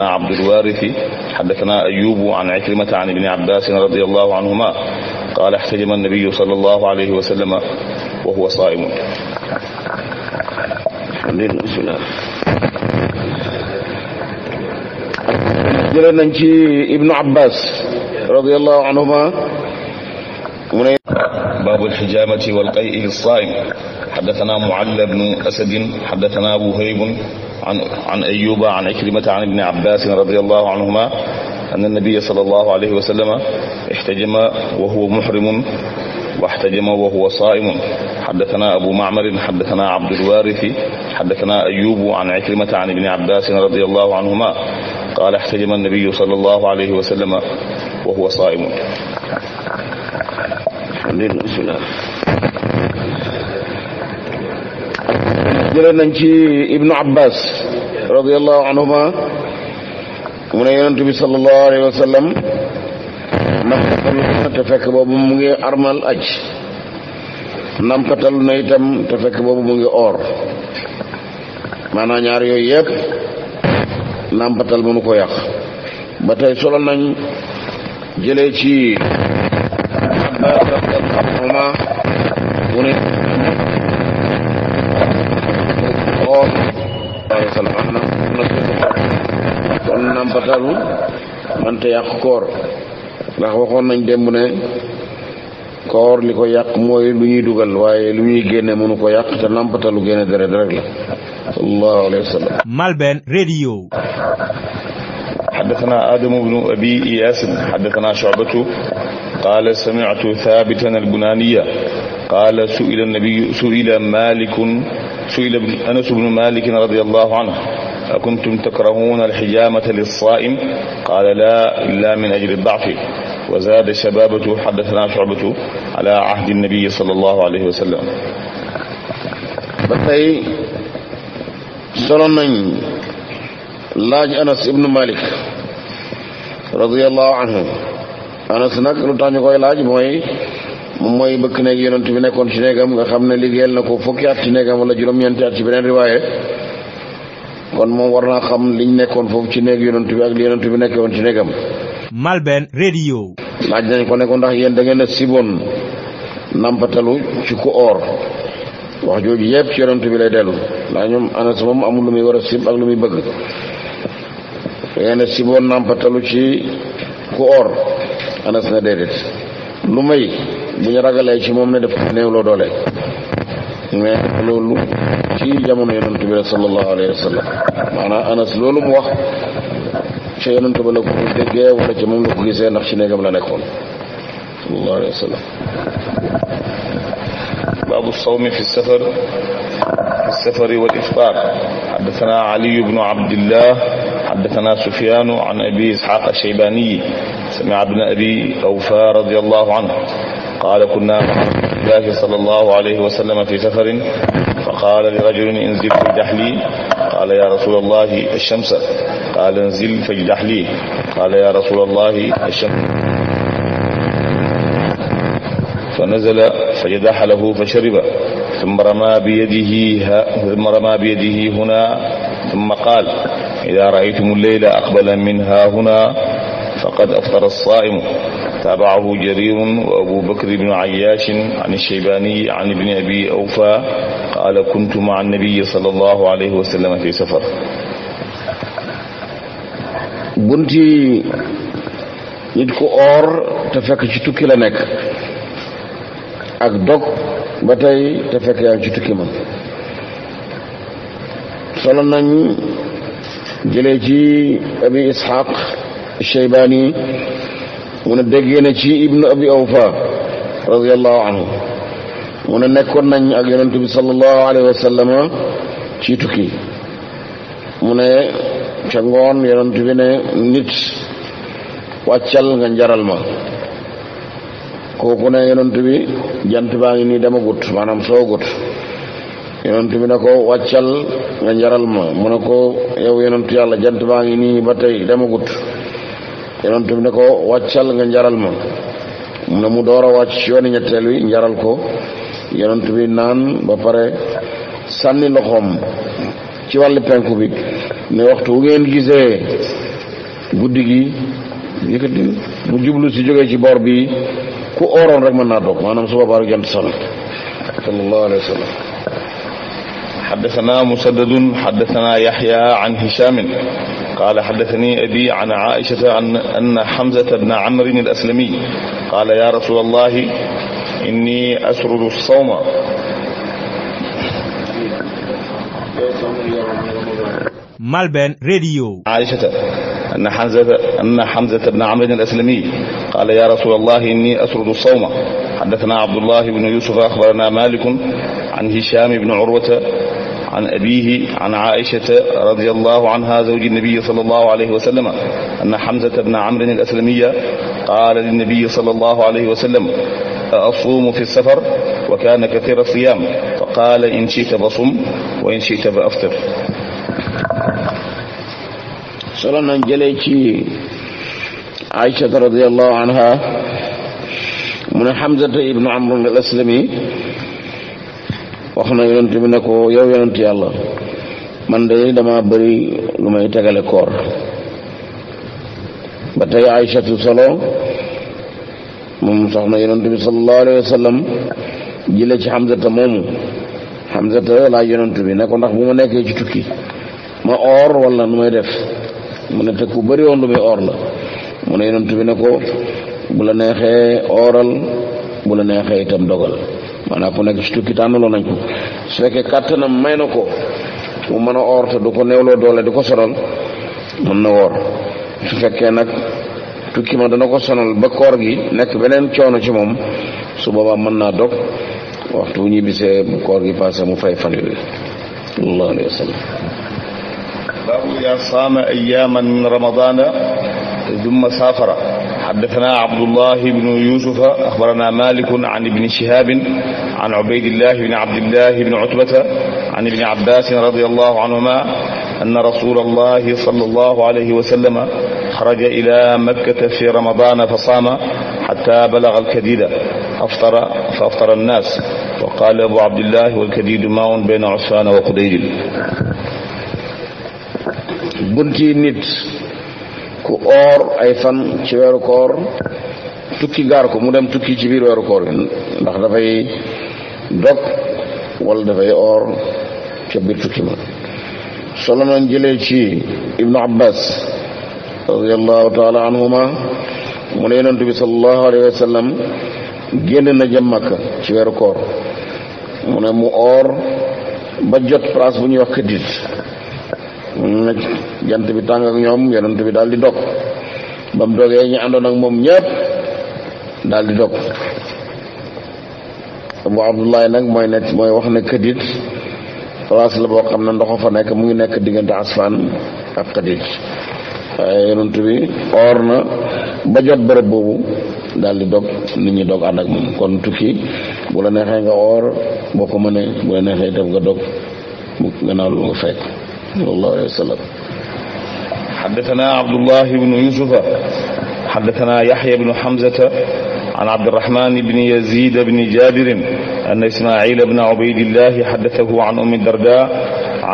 عبد الوارث حدثنا أيوب عن عكرمة عن ابن عباس رضي الله عنهما قال احتجم النبي صلى الله عليه وسلم وهو صائم jëlee nañ ci Ibnu Abbas radiyallahu anhuma mu ne باب الحجامة والقيء للصائم حدثنا معل بن أسد حدثنا وهيب عن عن أيوب عن عكرمة عن ابن عباس رضي الله عنهما أن النبي صلى الله عليه وسلم احتجم وهو محرم واحتجم وهو صائم حدثنا أبو معمر حدثنا عبد الوارث حدثنا أيوب عن عكرمة عن ابن عباس رضي الله عنهما قال احتجم النبي صلى الله عليه وسلم وهو صائم jëlee nañ ci ibnu abbas radiallahu anhuma mu ne yonent bi sallallahu alayhi wa sallam nampatal na te fekk boobu mu ngi armal aj nampatal na itam te fekk boobu mu ngi oor maanaam ñaar yooyu yëpp nampatal mënu ko yàq ba tey solo nañ jëlee ci abbas te yàq koor ndax waxoon nañ démb ne koor li ko yàq mooy lu ñuy dugal waaye lu ñuy génne mënu ko yàq te nàmpatalu génne deret rek la sallallahu alayhi wa sallam Malben Radio حدثنا آدم بن أبي إياس حدثنا شعبة قال سمعت ثابتا البنانية قال سئل النبي سئل مالك سئل أنس بن مالك رضي الله عنه أكنتم تكرهون الحجامة للصائم قال لا إلا من أجل الضعف وزاد شبابته حدثنا شعبة على عهد النبي صلى الله عليه وسلم ba tey solo nañ laaj anas ibnu malik radiallahu anhu anas nag lu tax ñu koy laaj mooy moom mooy bëkk néeg yonent bi nekkoon ci néegam nga xam ne liggéeyal na ko fukki at ci néegam wala juróom-ñeenti at ci beneen riwaaye kon moom war naa xam liñ nekkoon foofu ci néeg yonent bi ak li yonent bi nekkewoon ci néegam. Malben Radio. laaj nañ ko nekkoon ko ndax yéen da ngeen a siboon nampatalu ci wax jooju yëpp ci yonent bi lay dellu ndax ñoom anas moom amul lu muy war a sib ak lu muy bëgg da ngeen siboon nampatalu ci ku oor anas na déedéet lu may bu ñu ragalee ci moom ne def néewloo doole. mais loolu ci jamono yonent bi la sallallahu alayhi wa sallam maanaam anas loolu mu wax ci yonent ba la ko déggee wala ci moom la ko gisee ndax ci néegam la nekkoon sallallahu alayhi wa sallam baabu sawmi fi safar fi safari wal iftaar xaddatana ali bnu abdillah xaddatana sufyaanu an abi isxaaq asheybaaniyi sami'a ibn abi awfa radiyallahu anhu qaala kunna ma'a rasulillahi sallallahu alayhi wa sallam fi safarin fa qaala li rajulin inzil fajdah li qaala ya rasulallahi ash-shamsa qaala inzil fajdah li qaala ya rasulallahi ash-shamsa فنزل فجدح له فشرب ثم رمى بيده ثم رمى بيده هنا ثم قال إذا رأيتم الليل أقبل منها هنا فقد أفطر الصائم تابعه جرير وأبو بكر بن عياش عن الشيباني عن ابن أبي أوفى قال كنت مع النبي صلى الله عليه وسلم في سفر bunti nit ku oor te fekk ci tukki la nekk ak dog ba tey te fekk yaa ngi ci tukki ma solo nañ jëlee ci abi Isxaaq Sheybaani mu ne déggee na ci ibnu abi awfa radiallahu anhu mu ne nekkoon nañ ak yonent bi sallallahu alayhi wa sallam ci tukki mu ne ca ngoon yonent bi ne nit wàccal nga njaral ma kooku ne yonent bi jant baa ngi nii dama gut maanaam soo gut yonent bi ko wàccal nga njaral ma mu ne ko yenoon yonent yàlla jant baa ngi nii ba tey dama gut yonent bi ne ko wàccal nga njaral ma mu ne mu door a wàcc yooni ñetteel wi njaral ko yonent bi naan ba pare sànni loxoom ci wàllu penku bi ne waxtu wu ngeen gisee guddi gi yëkkati mu jublu si jógee ci boor bi ku ooroon rek mën naa doog maanaam su boobaa rek jant sonn sallallahu alayhi wa sallam حدثنا مسدد حدثنا يحيى عن هشام قال حدثني أبي عن عائشة عن أن حمزة بن عمرو الأسلمي قال يا رسول الله إني أسرد الصوم مالبن راديو عائشة أن حمزة أن حمزة بن عمرو الأسلمي قال يا رسول الله إني أسرد الصوم حدثنا عبد الله بن يوسف أخبرنا مالك عن هشام بن عروة عن أبيه عن عائشة رضي الله عنها زوج النبي صلى الله عليه وسلم أن حمزة بن عمرو الأسلمي قال للنبي صلى الله عليه وسلم أصوم في السفر وكان كثير الصيام فقال إن شئت فصم وإن شئت فأفطر solo nañ jëlee ci Aïcha radiyallahu anha mu ne Hamza ibnu Amr al-Aslami wax na yonent bi ne ko yow yonent yàlla man de dama bari lu may tegale koor ba tey aysatu solo moom soxna yonent bi sallallahu alayhi wa sallam jële ci xamsata moomu xamsata laaj yonent bi ne ko ndax bu ma nekkee ci tukki ma oor wala nu may def mu ne te ku bari woon lu muy oor la mu ne yonent bi ne ko bu la neexee ooral bu la neexee itam dogal maanaam bu nekk ci tukki tànnaloo nañ ko su fekkee kàttanam may na ko mu mën a oor te du ko néewloo doole di ko sonal mën na woor su fekkee nag tukki ma dana ko sonal ba koor gi nekk beneen coono ci moom su boobaa mën naa dog waxtu wu ñibbisee bu koor gi passé mu fay fan yooyu sallallahu alayhi ayaaman min ramadaana dumma saafara حدثنا عبد الله بن يوسف أخبرنا مالك عن ابن شهاب عن عبيد الله بن عبد الله بن عتبة عن ابن عباس رضي الله عنهما أن رسول الله صلى الله عليه وسلم خرج إلى مكة في رمضان فصام حتى بلغ الكديد أفطر فأفطر الناس وقال أبو عبد الله والكديد ماء بين عسفان وقديد bunti nit ku oor ay fan ci weeru koor tukki gaar ko mu dem tukki ci biir weeru koor bi ndax dafay dog wal dafay oor ca biir tukki ma solo nañ jëlee ci ibnu abbas radiallahu taala anhuma mu ne yonent bi salallahu alayhi wa sallam génn na jëm Makka ci weeru koor mu ne mu oor ba jot place bu ñuy wax këddit ñoom nag jant bi tàng ak ñoom yonent bi daal di dog ba mu dogee ñu àndoon ak moom ñëpp daal di dog abu abdullahi nag mooy nekk mooy wax ne këdit place la boo xam ne ndoxo fa nekk mu ngi nekk diggante asfaan ak këdit waaye yonent bi or na ba jot bërëb boobu daal di dog nit ñi dog ànd ak moom kon tukki bu la neexee nga or boo ko mënee bu la neexee def nga dog mu gannaaw lu nga fekk sallallahu alayhi wa sallam xaddatanaa abdullah ibnu yusufa xaddatanaa yaxya ibnu xamzata an abdirahman ibni yazid ibni jabirin anna ismail ibna ubaydillahi xaddatahu an ummi darda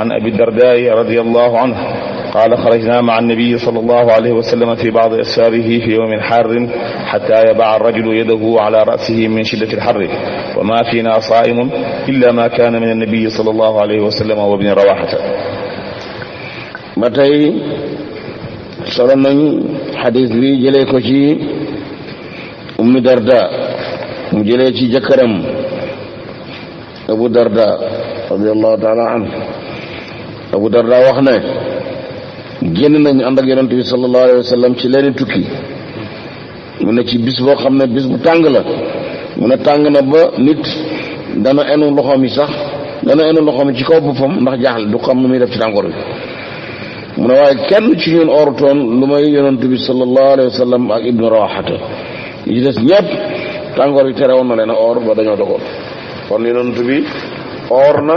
an abi dardaai radiyallahu anhu قال خرجنا مع النبي صلى الله عليه وسلم في بعض أسفاره في يوم حار حتى يضع الرجل يده على رأسه من شدة الحر وما فينا صائم إلا ما كان من النبي صلى الله عليه وسلم وابن رواحة ma tey solo nañ xadis bi jëlee ko ci ummi darda mu jëlee ci jëkkëram abu darda radiallahu taala anhu abu darda wax ne génn nañ ànd ak yonent bi sallallahu ci leeni tukki mu na ci bis boo xam ne bis bu tàng la mu ne tàng na ba nit dana enu loxoom yi sax dana enu loxoom yi ci kaw boppam ndax jaaxle du xam nu muy def ci tàngoor bi mu ne waaye kenn ci ñun orutoon lu may yonent bi sallallahu alayhi wa sallam ak ibnu rawaxata yi ci des ñëpp tàngoor yi terewoon na leen a or ba dañoo dogoon kon yonent bi or na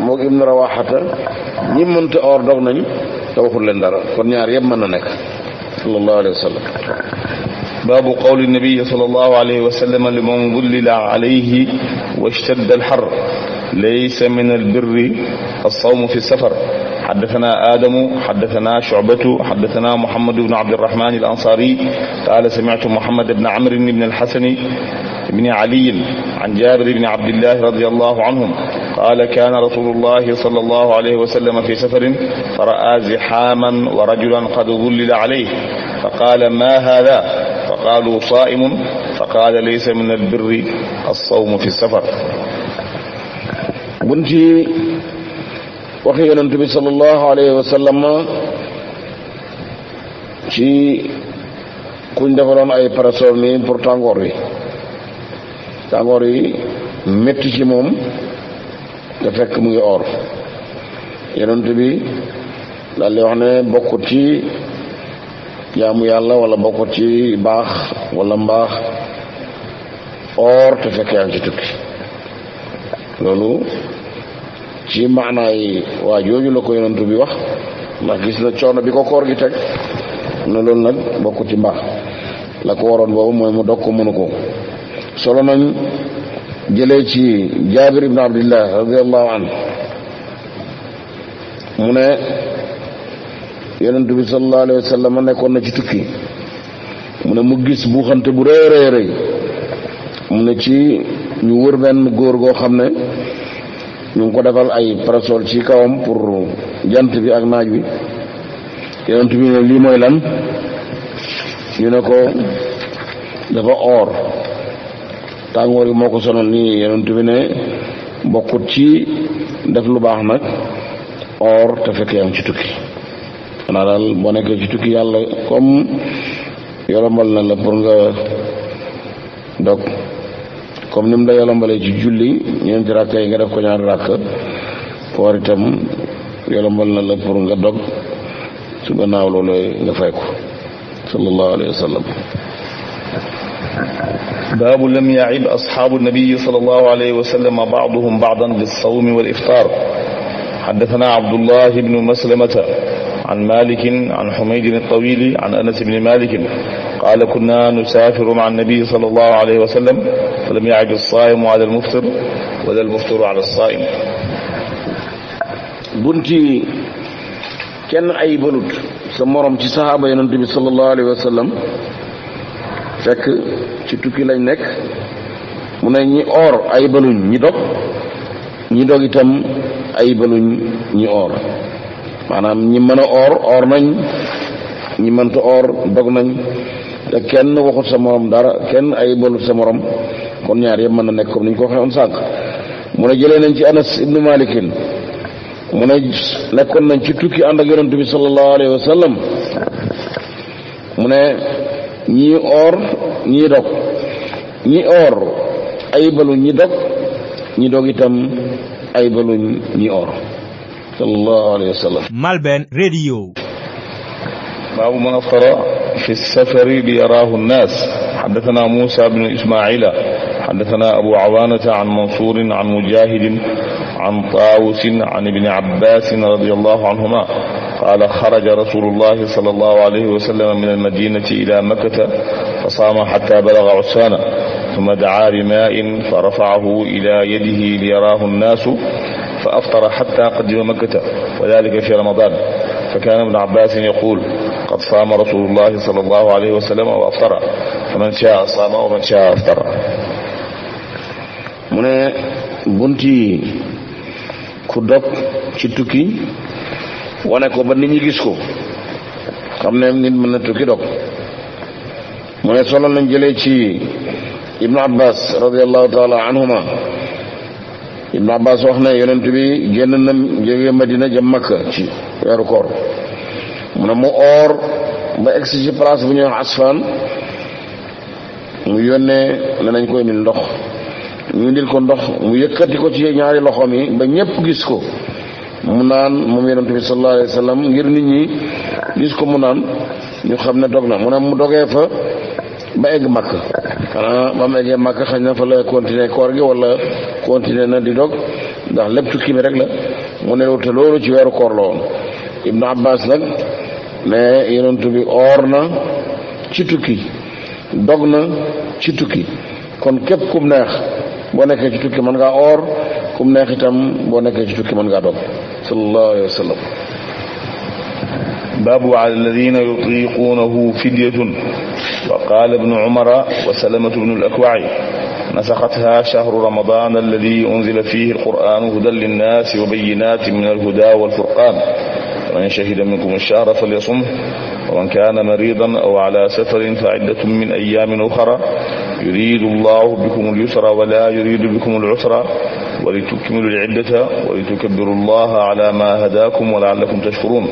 moog ibnu rawaxata ñi mënta or dog nañ te waxul leen dara kon ñaar yëpp mën na nekk sallallahu alayhi wa sallam baabu qawli nabiyi sallallahu alayhi wa sallam li man dullila alayhi wa ishtadda alxar laysa min albirri alsawmu fi safar حدثنا آدم حدثنا شعبة حدثنا محمد بن عبد الرحمن الأنصاري قال سمعت محمد بن عمرو بن الحسن بن علي عن جابر بن عبد الله رضي الله عنهم قال كان رسول الله صلى الله عليه وسلم في سفر فرأى زحاما ورجلا قد ظلل عليه فقال ما هذا فقالوا صائم فقال ليس من البر الصوم في السفر bunti waxi yonent bi sallallahu alayhi wa sallam ci kuñ defaloon ay parasol nii pour tàngoor yi tàngoor yi metti ci moom te fekk mu ngi or yonent bi daal di wax ne bokkut ci jaamu yàlla walla bokkut ci baax walla mbaax or te fekk yaa ci tukki loolu ci maanaay waa jooju la ko yonantu bi wax ndax gis na coono bi ko koor gi teg na loolu nag bokk ci mbaax la ko waroon boobu mooy mu dog ko mënu ko solo nañ jëlee ci jaabir ibn abdillah radiallahu an mu ne yonent bi sallallahu alayhi nekkoon na ci tukki mu ne mu gis buuxante bu rëy rëy rëy mu ne ci ñu wër benn góor goo xam ne ñu ngi ko defal ay parasol ci kawam pour jant bi ak naaj wi yonent bi ne lii mooy lan ñu ne ko dafa or tàngoor yi moo ko sonal nii yonent bi ne bokkut ci def lu baax nag or te fekk yaa ci tukki xanaa daal boo nekkee ci tukki yàlla comme yorombal na la pour nga dog comme ni mu la yolombalee ci julli ñeenti rakk yi nga def ko ñaari rakk koor itam yolombal na la pour nga dog su gannaaw loolu nga fay ko sallallahu alayhi wa sallam baabu lam yaib asxaabu nabiyi sallallahu alayhi wa sallam baaduhum baadan bis sawmi wal iftaar xaddathana abdullah ibnu maslamata عن مالك عن حميد الطويل عن أنس بن مالك قال كنا نسافر مع النبي صلى الله عليه وسلم فلم يعد الصائم على المفطر ولا المفطر على الصائم bunti kenn ay balut sa morom ci saxaaba yonent bi sallallahu alayhi wa sallam fekk ci tukki lañ nekk mu ne ñi or ay baluñ ñi dog ñi dog itam ay baluñ ñi or maanaam ñi mën a or or nañ ñi mënta or dog nañ te kenn waxut sa morom dara kenn ay bonut sa morom kon ñaar yëpp mën na nekk comme ni ñu ko waxee woon sànq mu ne jëlee nañ ci anas ibnu malikin mu ne nekkoon nañ ci tukki ànd ak yonent bi sallallahu alayhi wa sallam mu ne ñi or ñi dog ñi or ay baluñ ñi dog ñi dog itam ay baluñ ñi or sallallahu alayhi wa sallam Malben Radio baabu ma afara fi safari li yaraahu nnaas xaddatanaa Muusaa bnu Ismaaciila xaddatanaa Abuu Awaanata an Mansuurin an Mujaahidin an Taawusin an Ibni Abbaasin radiyallaahu anhumaa qaala xaraja rasuulullaahi sallallaahu alayhi wa sallam minal madiinati ilaa Makkata fa saama xattaa balaga Cusaana summa dacaa bimaa'in fa rafacahu ilaa yadihi li yaraahu nnaasu fa aftara xata qadima makkata wa dalika fi ramadan fa kaana ibnu abbasin yaqul qad saama rasulullahi sal allahu alayhi wa sallam wa aftara fa man shaa saama wa man shaa aftara mu ne bunti ku dog ci tukki wane ko ba nit ñi gis ko xam ne nit mën na tukki dog mu ne solo lañ jëlee ci ibnu abbas radiallahu taala anhuma Ibn Abbas wax ne yonent bi génn na jóge Madina jëm Makka ci weeru koor mu ne mu oor ba egsi place bu ñuy wax Asfan mu yónnee ne nañ koy indil ndox ñu indil ko ndox mu yëkkati ko ci ñaari loxo yi ba ñépp gis ko mu naan moom yonent bi sallallahu alayhi ngir nit ñi gis ko mu naan ñu xam ne dog na mu ne mu dogee fa ba egg màkk xanaa ba mu eggee màkk xañ na fa la continuer koor gi walla continuer na di dog ndax lépp tukki bi rek la mu ne te loolu ci weeru koor la woon ibnu abbas nag ne yonent bi oor na ci tukki dog na ci tukki kon képp kum neex boo nekkee ci tukki mën ngaa oor kum neex itam boo nekkee ci tukki mën ngaa dog sallallahu alayhi wa الباب على الذين يطيقونه فدية وقال ابن عمر وسلمة بن الأكوع نسختها شهر رمضان الذي أنزل فيه القرآن هدى للناس وبينات من الهدى والفرقان من شهد منكم الشهر فليصمه ومن كان مريضا أو على سفر فعدة من أيام أخرى يريد الله بكم اليسر ولا يريد بكم العسر ولتكملوا العدة ولتكبروا الله على ما هداكم ولعلكم تشكرون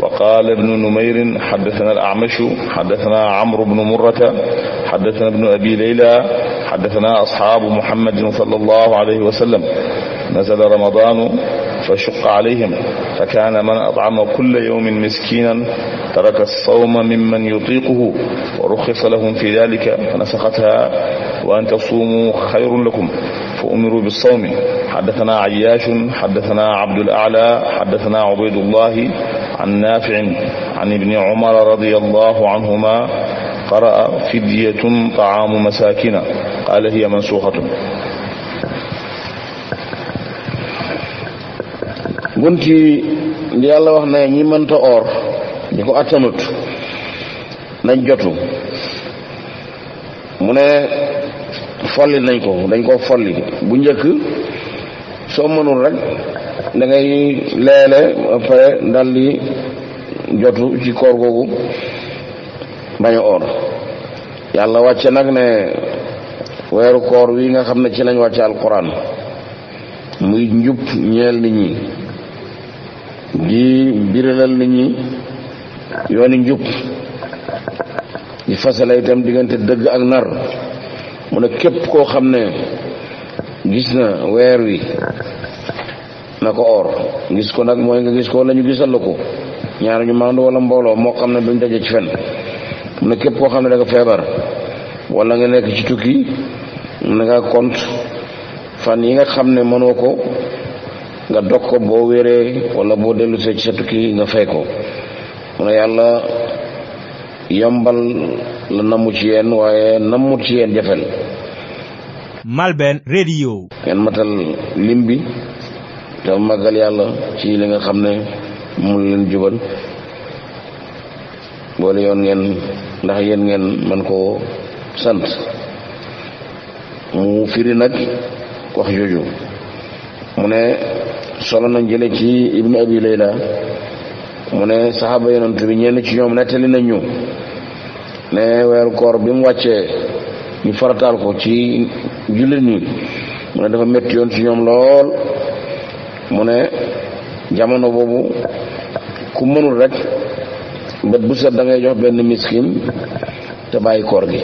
wa qaala ibnu numairin xadatana al amashu xadatana amru bnu murrata xadatana bnu abi leyla xadatana asxaabu muhammadin sallallahu alayhi wa sallam nazala ramadaanu fa shuqa alayhim fa kaana man atcama kulla yawmin miskiinan taraka sawma mimman yutiiquhu wa ruxisa lahum fi dalika fa nasaxatha wa an tasuumuu xayrun lakum umiru bi sawmi xaddatanaa ayyaashun xaddatanaa abdul ala xaddatanaa ubaydullahi an naaficin an ibni umara radiyallahu anhuma qara'a fidyatun taamu masaakina qaala hiya mansuuxatun bunti li yàlla wax ne ñi mënta oor ñi ko attanut nañ jotu mu ne folli nañ ko dañ koo folli bu njëkk soo mënul rek da ngay leele après dal jotu ci koor googu bañ oor yàlla wàcce nag ne weeru koor wi nga xam ne ci lañ wàcce alquran muy njub ñeel nit ñi di biralal nit ñi yooni njub di fasale itam diggante dëgg ak nar mu ne képp koo xam ne gis na weer wi na ko or gis ko nag mooy nga gis ko wala ñu gisal la ko ñaar ñu màndu wala mbooloo moo xam ne duñ dajee ci fen mu ne képp koo xam ne da nga feebar wala nga nekk ci tukki na nga compte fan yi nga xam ne mënoo ko nga dog ko boo wéree wala boo dellusee ci sa tukki nga fay ko mu ne yàlla yombal la namu ci yéen waaye namut ci yéen jafel Malben Radio ngeen matal lim bi te màggal yàlla ci li nga xam ne mu leen jubal boole yoon ngeen ndax yéen ngeen man koo sant mu firi nag wax jooju mu ne solo na jële ci ibnu abi layla mu ne saxaaba yonent bi ñenn ci ñoom nettali nañ ñu ne weeru koor bi mu wàccee ñu farataal ko ci jullit ñi mu ne dafa metti yoon ci ñoom lool mu ne jamono boobu ku mënul rek bët bu set da ngay jox benn miskin te bàyyi koor gi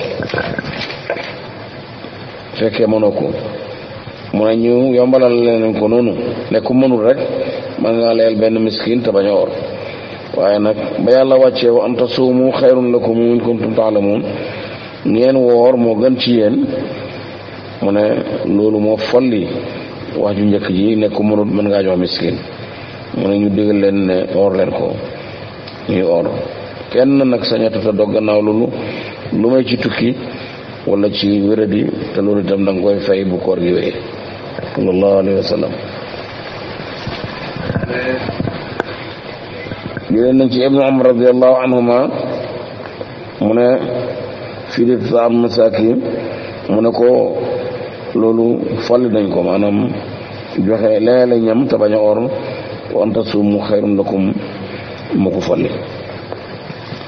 fekkee mënoo ko mu ne ñu yombalal leen ko noonu ne ku mënul rek man nga leel benn miskin te bañ a waaye nag ba yàlla wàccee wa an tasuumu xayrun lakum in kuntum taalamuun ngeen woor moo gën ci yéen mu ne loolu moo folli wax ju njëkk ji nekk ku mënut mën ngaa jox miskin mu ne ñu digal leen ne or leen ko ñuy or kenn nag sañatata dog gannaaw loolu lu may ci tukki wala ci wéradi te loolu itam da koy fay bu koor gi wéyee sallallahu wa sallam jëleen nañ ci ibnu umar radiallahu anhuma mu ne fii de taam mu ne ko lolu fàlli dañ ko maanaam joxe leele ñam te bañ a or lakum mu ko fàlli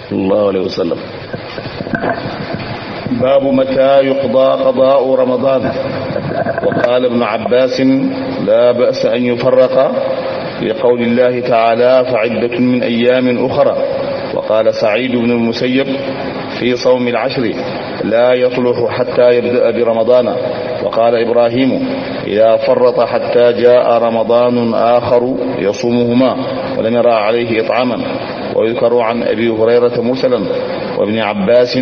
sallallahu alayhi wa sallam wa qaala ibnu abbasin laa ba'sa an yufarraqa لقول الله تعالى فعدة من أيام أخرى وقال سعيد بن المسيب في صوم العشر لا يصلح حتى يبدأ برمضان وقال إبراهيم إذا فرط حتى جاء رمضان آخر يصومهما ولم يرى عليه إطعاما ويذكر عن أبي هريرة مرسلا وابن عباس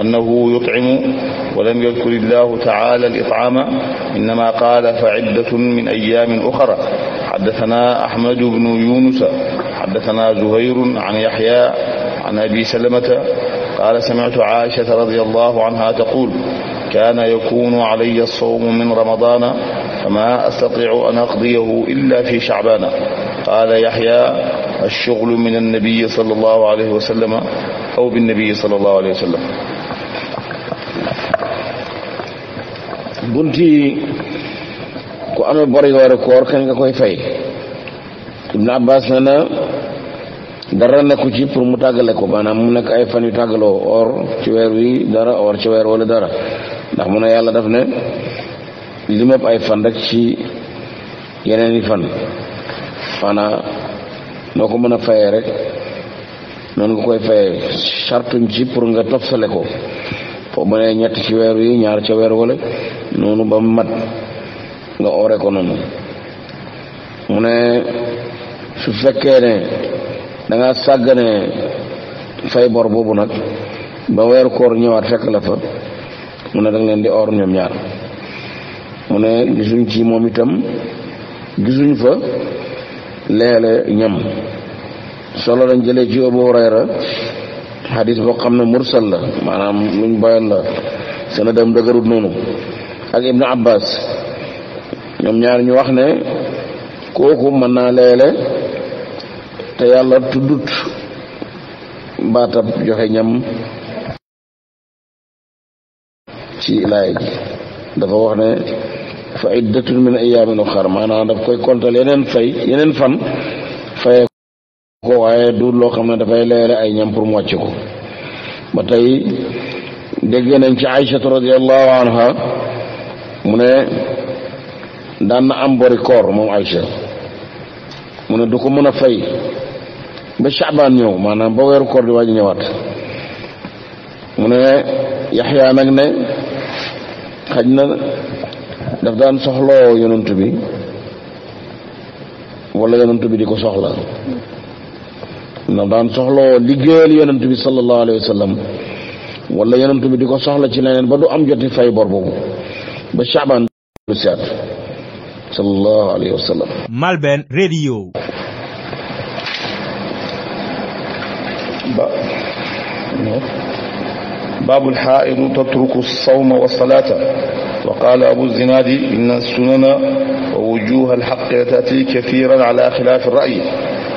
أنه يطعم ولم يذكر الله تعالى الإطعام إنما قال فعدة من أيام أخرى حدثنا أحمد بن يونس حدثنا زهير عن يحيى عن أبي سلمة قال سمعت عائشة رضي الله عنها تقول كان يكون علي الصوم من رمضان فما أستطيع أن أقضيه إلا في شعبان قال يحيى الشغل من النبي صلى الله عليه وسلم أو بالنبي صلى الله عليه وسلم bunti ku amee bor yi war a koor kañ nga koy fay Ibn Abbas na na dara nekku ci pour mu tàggale ko maanaam mu nekk ay fan yu tàggaloo or ci weer wi dara or ci weer wala dara ndax mu ne yàlla def ne li mépp ay fan rek ci yeneen yi fan maanaam noo ko mën a fayee rek noonu nga koy fayee chartuñ ci pour nga tofsale ko foo mu ne ñett ci weer wi ñaar ca weer wala noonu ba mat nga oore ko noonu mu ne su fekkee ne da sàggane fay bor boobu nag ba weer koor ñëwaat fekk la fa mu ne da leen di or ñoom ñaar mu ne gisuñ ci moom itam gisuñ fa leele ñam solo lañ jëlee ci Abu Hurayra xadis boo xam ne mursal la maanaam luñ boyal la sena dem dëgërut noonu ak Ibnu Abbas ñoom ñaar ñu wax ne kooku mën naa le te yàlla tuddut baatab joxe ñam ci laay ji dafa wax ne fa iddatun min ayaamin uxar maanaam daf koy kontal yeneen fay yeneen fan fayee ko waaye du loo xam ne dafay leele ay ñam pour mu wàcc ko ba tey dégg nañ ci aïchatu radiallahu anha mu ne daan na am bori koor moom Aïcha mu ne du ko mën a fay ba caabaan ñëw maanaam ba weeru koor di waaj ñëwaat mu ne yaxyaa nag ne xaj na daf daan soxloo yonent bi wala yonent bi di ko soxla daf daan soxloo liggéeyal yonent bi sallallahu alayhi wa sallam wala yonent bi di ko soxla ci leneen ba du am joti fay bor boobu ba caabaan sallallahu alayhi wa sallam. Malben Radio. ba baabul haa'idu tatruku sawma wa salaata wa qaala abu zinaadi inna sunana wa wujuuha alxaqi taati kathiiran ala xilaafi ra'yi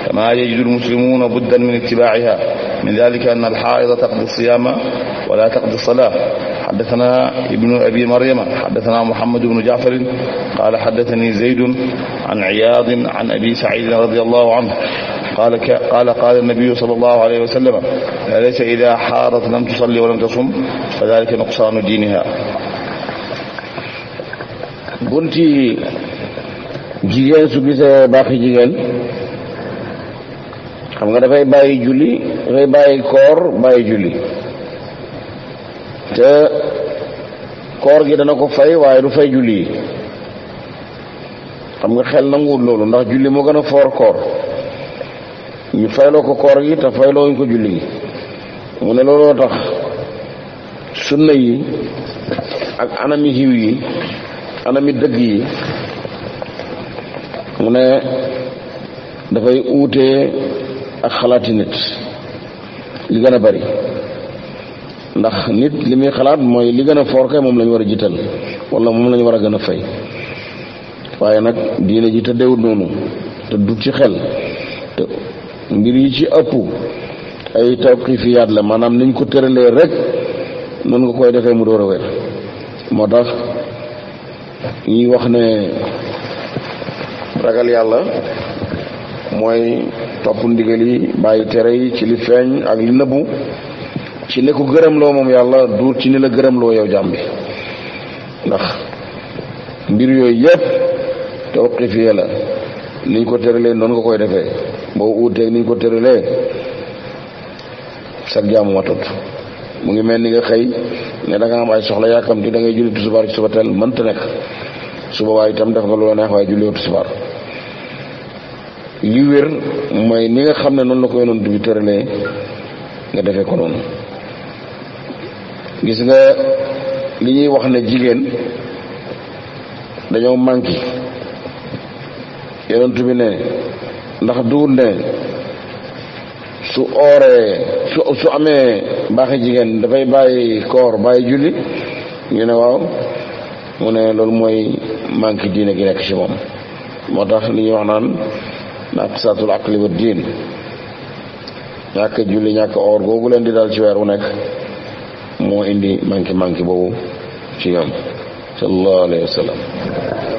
كما يجد المسلمون بدا من اتباعها من ذلك أن الحائض تقضي الصيام ولا تقضي الصلاة حدثنا ابن أبي مريم حدثنا محمد بن جعفر قال حدثني زيد عن عياض عن أبي سعيد رضي الله عنه قال قال قال النبي صلى الله عليه وسلم أليس إذا حارت لم تصلي ولم تصم فذلك نقصان دينها bunti jigéen su gisee baaxi jigéen xam nga dafay bàyyi julli dafay bàyyi koor bàyyi julli te koor gi dana ko fay waaye du fay julli yi xam nga xel nanguwul loolu ndax julli moo gën a foor koor ñu fayloo ko koor gi te fayloo ñu ko julli gi mu ne looloo tax sunna yi ak anami xiw yi anami dëgg yi mu ne dafay uute ak xalaati nit li gën a bari ndax nit li muy xalaat mooy li gën a foor moom lañu war a jiital wala moom lañu ñu war a gën a fay waaye nag diine ji tëddeewut noonu te du ci xel te mbir yi ci ëpp ay tawqifiyaat la maanaam niñ ko tëralee rek mën nga koy defee mu door a wér moo tax ñuy wax ne ragal yàlla mooy topp ndigal yi bàyyi tere yi ci li feeñ ak li nëbbu ci ne ko gërëm loo moom yàlla du ci ni la gërëmloo yow jaam bi ndax mbir yooyu yëpp tawqifiya la niñ ko tëralee noonu nga koy defee boo uuteeg niñ ko tëralee sag jaamu matut mu ngi mel ni nga xëy ne da nga am ay soxla yàkkamti da ngay julli tusubaar ci suba teel mënta nekk suba waay itam def nga lu la neex waaye julliwoo tusubaar li wér mooy ni nga xam ne noonu la koy yonent bi tëralee nga defee ko noonu gis nga li ñuy wax ne jigéen dañoo manqué yonent bi ne ndax duur ne su ooree su su amee baaxi jigéen dafay bàyyi koor bàyyi julli ñu ne waaw mu ne loolu mooy manqué diine gi nekk ci moom moo tax li ñuy wax naan naqsatul aqli wa diin ñàkk julli ñàkk oor googu leen di daal ci weer wu nekk moo indi manqué manqué boobu ci ñoom sallallahu alayhi wa sallam